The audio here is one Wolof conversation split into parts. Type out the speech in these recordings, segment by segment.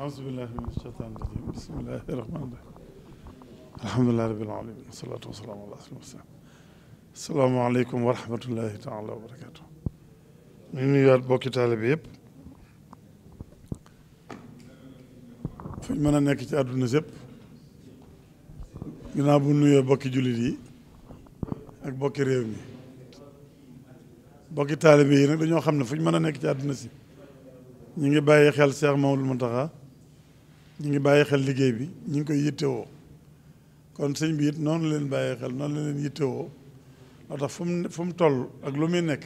أعوذ بالله من الشيطان الرجيم بسم الله الرحمن الرحيم الحمد لله رب العالمين والصلاة والسلام على رسول الله السلام عليكم ورحمة الله تعالى وبركاته من يار بوكي طالبيب في من أنا كتير أدرى نزب جنابون يار بوكي جليدي أك بوكي ريمي بوكي طالبيب نحن نعلم في من أنا كتير أدرى نزب نيجي باي خال سير مول منطقة ñu ngi bàyyi xel liggéey bi ñu ngi koy yittewoo kon sëñ bi noonu leen bàyyi xel noonu leen yittewoo moo tax fu mu fu mu toll ak lu muy nekk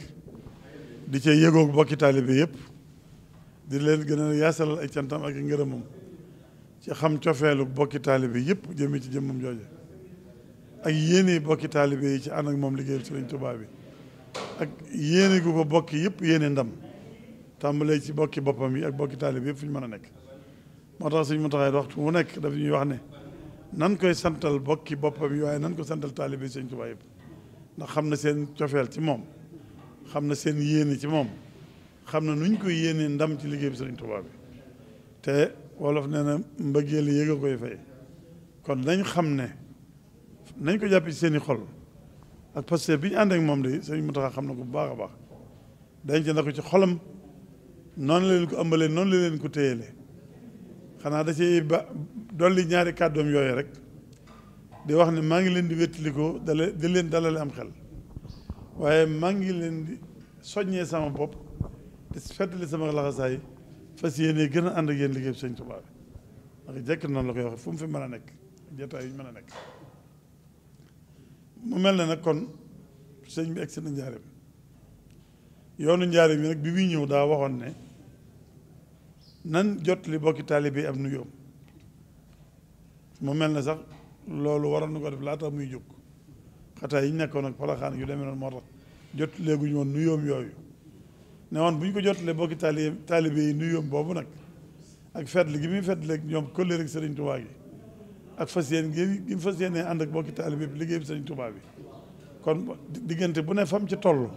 di cee yëgoog bokki taalibe yëpp di leen gën a yaasalal ay cantam ak ngërëmam ci xam cofeelu bokki taalibe yëpp jëmee ci jëmmam jooje ak yéene bokki taalibe yi ci ànd ak moom liggéeyal sëriñ tubaab bi ak yéene gu ko bokki yëpp yéene ndam tàmbalee ci bokki boppam yi ak bokki taalibe yëpp fu ñu mën a nekk moo tax sëñ Muntaxa waxtu mu nekk daf ñuy wax ne nan koy santal bokki boppam yi waaye nan ko santal taalibe sëñ Tuubaa yëpp ndax xam na seen cofeel ci moom xam na seen yéene ci moom xam na nuñ koy yéenee ndam ci liggéey bi sëñ Tuubaa bi te wolof nee na mbëggeel yéeg a koy fay kon nañ xam ne nañ ko jàpp ci seen xol ak Pastef bi ñu ànd moom de sëñ Muntaxa xam na ko bu baax a baax denc na ko ci xolam noonu la leen ko ëmbalee noonu la leen ko téyelee xanaa da ci ba dolli ñaari kàddoom yooyu rek di wax ne maa ngi leen di wéttilikoo dale di leen dalale am xel waaye maa ngi leen di soññee sama bopp di fettali sama laxasaay fas yéene gën a ànd ak yéen liggéey sëñ Tuubaa bi ndax jekk noonu la koy waxee fu mu fi mën a nekk jotaay yu mën a nekk mu mel ne nag kon sëñ bi egg si na njaareem yoonu njaareem bi nag bi muy ñëw daa waxoon ne nan jot li bokki taalibe bi am nuyoo mu mel na sax loolu waroon na ko def laata muy jóg xataa yi ñu nekkoon ak palaxaan yu demee noonu moo tax jot léeguñu woon nuyoom yooyu ne woon bu ko jotalee bokki taali taalibe yi nuyoom boobu nag ak fetli gi muy fetli ak ñoom kóllëre ak Sëriñ Tuubaa gi ak fas yéen gi mu fas yéenee ànd ak bokki taalibe bi liggéey bi Sëriñ Tuubaa bi kon diggante bu ne fam ci toll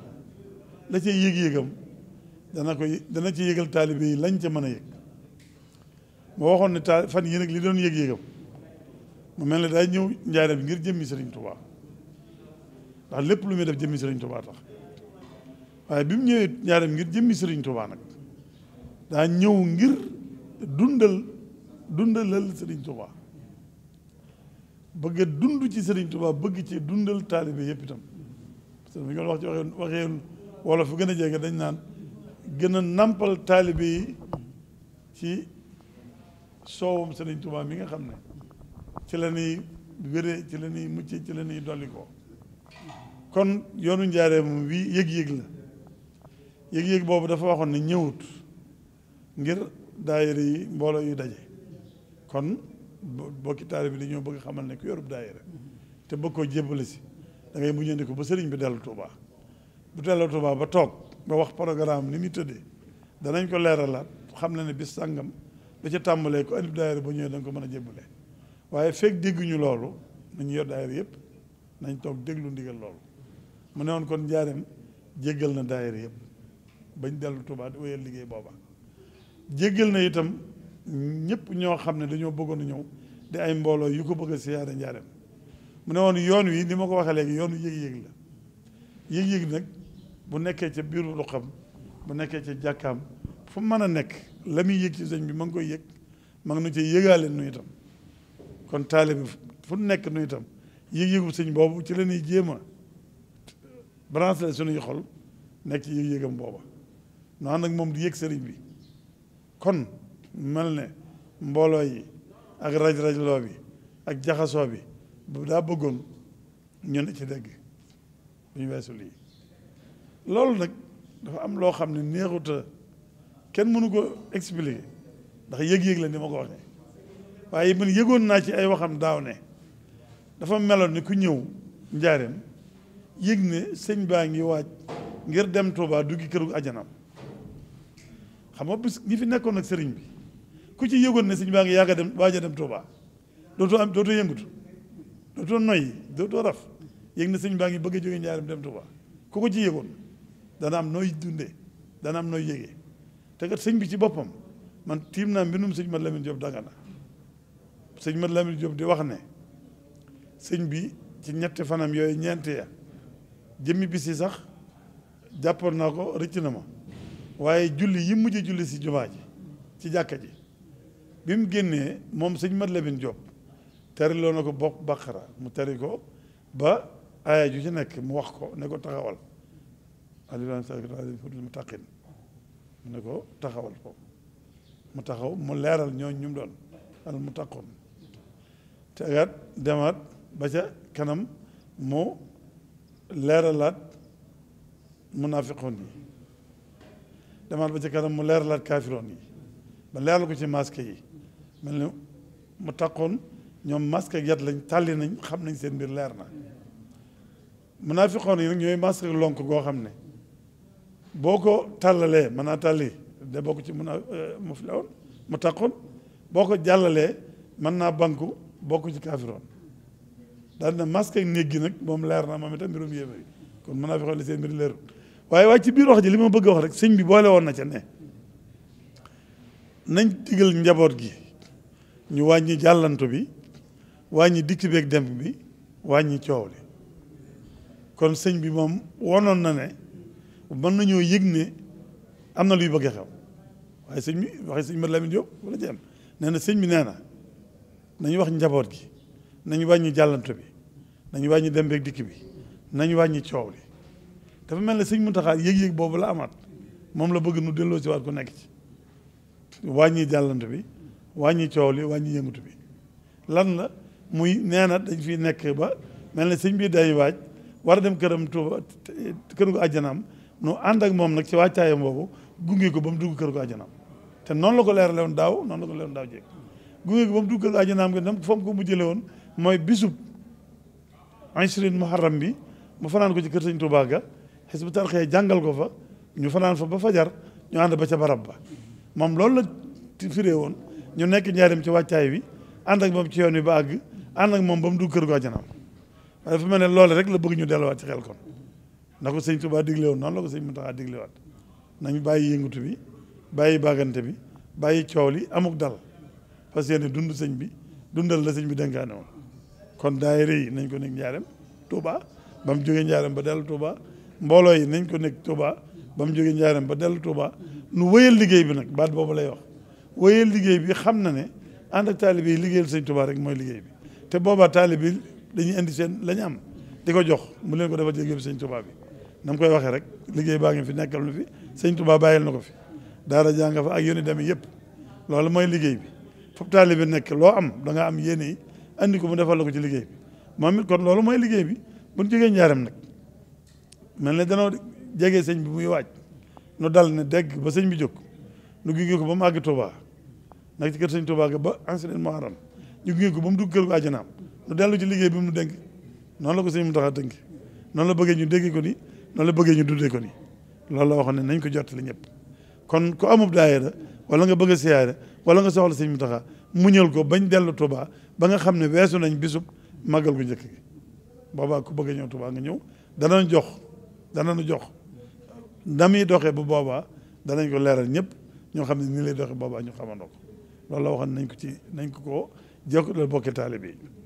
la cay yëg-yëgam dana ko dana ci yëgal taalibe yi lañ ca mën a yëg moo waxoon ne ta fan nag li doon yëg-yëgam mu mel ne daay ñëw njaareem ngir jëmmi Sëriñ Tuubaa lépp lu muy def jëmmi ñëwee njaareem ngir jëmmi Sëriñ Tuubaa nag daa ñëw ngir dundal dundalal Sëriñ Tuubaa bëgg dund ci Sëriñ tubaa bëgg ci dundal taalibe yëpp itam parce que bu wax ci waxee fu gën a jege dañ naan gën a nampal taalibe yi soowam Sëriñ Tuubaa mi nga xam ne ci la ñuy wéree ci la ñuy muccee ci la yi dolli ko kon yoonu njaareem wi yëg-yëg la yëg-yëg boobu dafa waxoon ne ñëwut ngir daayira yi mbooloo yu daje kon bokki taari bi dañoo bëgg xamal ne ku yorub daayira te bëgg koo jébbale si da ngay mujjandi ko ba sëriñ bi dellu Tuubaa bu dellu Tuubaa ba toog ba wax programme ni muy tëddee danañ ko leeralaat xam na ne bis sàngam da tàmbalee ko andib daayira ba ñëwee da nga ko mën a jébbale waaye fekk dégguñu loolu nañu yor daayira yëpp nañ toog déglu ndigal loolu mu ne woon kon njaareem jéggal na daayira yëpp bañ dellu Tuubaa di wéyal liggéey booba jéggal na itam ñëpp ñoo xam ne dañoo bëggoon a ñëw di ay mbooloo yu ko bëgg a siyaare njaareem mu ne woon yoon wi ni ma ko waxee léegi yoon wi yëg-yëg la yëg-yëg nag bu nekkee ca biiru lu bu nekkee ca jàkkaam fu mën a nekk la muy yëg ci sëñ bi ma ngi koy yëg ma ngi nu cee yëgaale nu itam kon taalibe fu nekk nu itam yëg-yëgu sëñ boobu ci la ñuy jéem a branché suñuy xol nekk ci yëg-yëgam booba nu ànd moom di yëg sëriñ bi kon mel ne mbooloo yi ak raj-rajloo bi ak jaxasoo bi bu daa bëggoon ñu ne ci dégg duñu weesu lii loolu nag dafa am loo xam ne neexuta kenn mënu ko expliquer ndax yég yég la ni ma ko waxee waaye man yëgoon naa ci ay waxam daaw ne dafa meloon ni ku ñëw njaareem yëg ne sëñ baa ngi waaj ngir dem Touba duggi këru ajanam xam nga bis ñi fi nekkoon ak sëriñ bi ku ci yëgoon ne sëñ baa ngi yaaga dem waaj a dem Touba dootoo am dootoo yëngutu dootoo noyyi dootoo raf yëg ne sëñ baa ngi bëgg a jóge njaareem dem Touba ku ko ci yëgoon dana am nooy dundee dana am nooy yëgee te sëñ bi ci boppam man tiim naa mbindum sëñ Mat Lamine Diop Dagana sëñ Mat Lamine Diop di wax ne sëñ bi ci ñetti fanam yooyu ñeent ya jëmmi bis yi sax jàppoon naa ko rëcc na ma waaye julli yi mujj julli si jumaa ji ci jàkka ji bi mu génnee moom sëñ Mat Lamine Diop tari loo na ko bopp baqara mu teri ko ba aaya ju ci nekk mu wax ko ne ko taxawal alilaa sal mu tàqin ne ko taxawal ko mu taxaw mu leeral ñoo ñu doon al mu takkoon tegaat demaat ba ca kanam mu leeral leeralaat munaafiqoon yi demaat ba ca kanam mu leeralaat kaafiroon yi ba leeral ko ci masque yi mel ni mu takkoon ñoom masque yat lañ tàlli nañ xam nañ seen mbir leer na munaafiqoon yi nag ñooy masque lonk goo xam ne boo ko tàllalee mën naa tàlli de bokk ci mun a euh, mu fi lawoon mu tàqoon boo ko jàllalee mën naa banku bokk ci kaafiroon daal na masque ak néeg gi nag moom leer na moom itam mbirum yéeme kon mën naa fi xool seen mbir leeru waaye waaye ci biir wax ji li ma bëgg a wax rek sëñ bi boole woon na ca ne nañ digal njaboot gi ñu wàññi jàllantu bi wàññi dikk beeg dem bi wàññi coow li kon sëñ bi moom wonoon na ne mën nañoo yëg ne am na luy bëgg a xew waaye sëñ bi waxee sëñ Mame Lamine Diop wala ci am nee na sëñ bi nee na nañu wax njaboot gi nañu wàññi jàllantu bi nañu wàññi dem beeg dikk bi nañu wàññi coow li dafa mel ne sëñ Mountakha yëg-yëg amaat moom la bëgg nu delloo ci waat ku nekk ci wàññi jàllantu bi wàññi coow li wàññi bi lan la muy nee dañ fiy nekk ba mel na sëñ bi day waaj war a dem këram Tuuba këru àjjanaam nu ànd ak moom nag ci wàccaayam boobu gunge ko ba mu dugg kër gu àjjanaam te noonu la ko leerale woon daaw noonu la ko leer daaw jéeg gunge ko ba mu dugg kër nam fa ko mujjële woon mooy bisub Ashrin Muharram bi mu fanaan ko ci kër Sëñ Tuubaa ga Hizbut Tarqiyyah jàngal ko fa ñu fanaan fa ba fajar ñu ànd ba ca barab ba moom loolu la firee woon ñu nekk njaarim ci wàccaay wi ànd ak moom ci yoon wi ba ànd ak moom ba mu kër gu àjjanaam dafa mel ne loolu rek la bëgg ñu delluwaat ci xel kon na ko sëñ Tuubaa digle woon noonu la ko sëñ Muntaxaa digle waat nañ bàyyi yëngatu bi bàyyi baagante bi bàyyi coow li amuk dal parce que yéen dund sëñ bi dundal la sëñ bi dénkaane woon kon daayira yi nañ ko nekk njaareem Touba ba mu jógee njaareem ba dellu Touba mbooloo yi nañ ko nekk Touba ba mu jógee njaareem ba dellu Touba nu wëyal liggéey bi nag baat boobu lay wax wëyal liggéey bi xam na ne ànd ak taalibe yi liggéeyal sëñ Touba rek mooy liggéey bi te boobaa taalibe yi dañuy indi seen la ñu am di ko jox mu leen ko defal liggéey bi sëñ Touba bi na koy waxee rek liggéey baa ngi fi nekkal nu fi sëñ Touba na ko fi daara jàng fa ak yónni demee yëpp loolu mooy liggéey bi fop taali bi nekk loo am da nga am yéene yi ko mu defal ko ci liggéey bi moom kon loolu mooy liggéey bi buñ jógee njaaram nag mel ne danoo jege sëñ bi muy waaj nu dal ne dégg ba sëñ bi jóg nu gunge ko ba mu àgg Touba nag ci kër sëñ Touba ga ba ancien Muharram ñu gunge ko ba mu dugg kër ko àjjanaam nu dellu ci liggéey bi mu dénk noonu la ko sëñ mu tax a dénk noonu la bëggee ñu dégg ko ni noonu bëggee ñu duddee ko ni loolu la waxoon ne nañ ko jottali ñëpp kon ku amub daayira wala nga bëgg a siyaare wala nga soxla sëñ Muntaxa muñal ko bañ dellu Touba ba nga xam ne weesu nañ bisub màggal gu njëkk boobaa ku bëgg ñëw Touba nga ñëw danañ jox danañ jox na muy doxee bu boobaa danañ ko leeral ñëpp ñoo xam ne nii lay doxee boobaa ñu xamandoo ko loolu la waxoon nañ ko ci nañ ko ko jokkoo bokki taalibe yi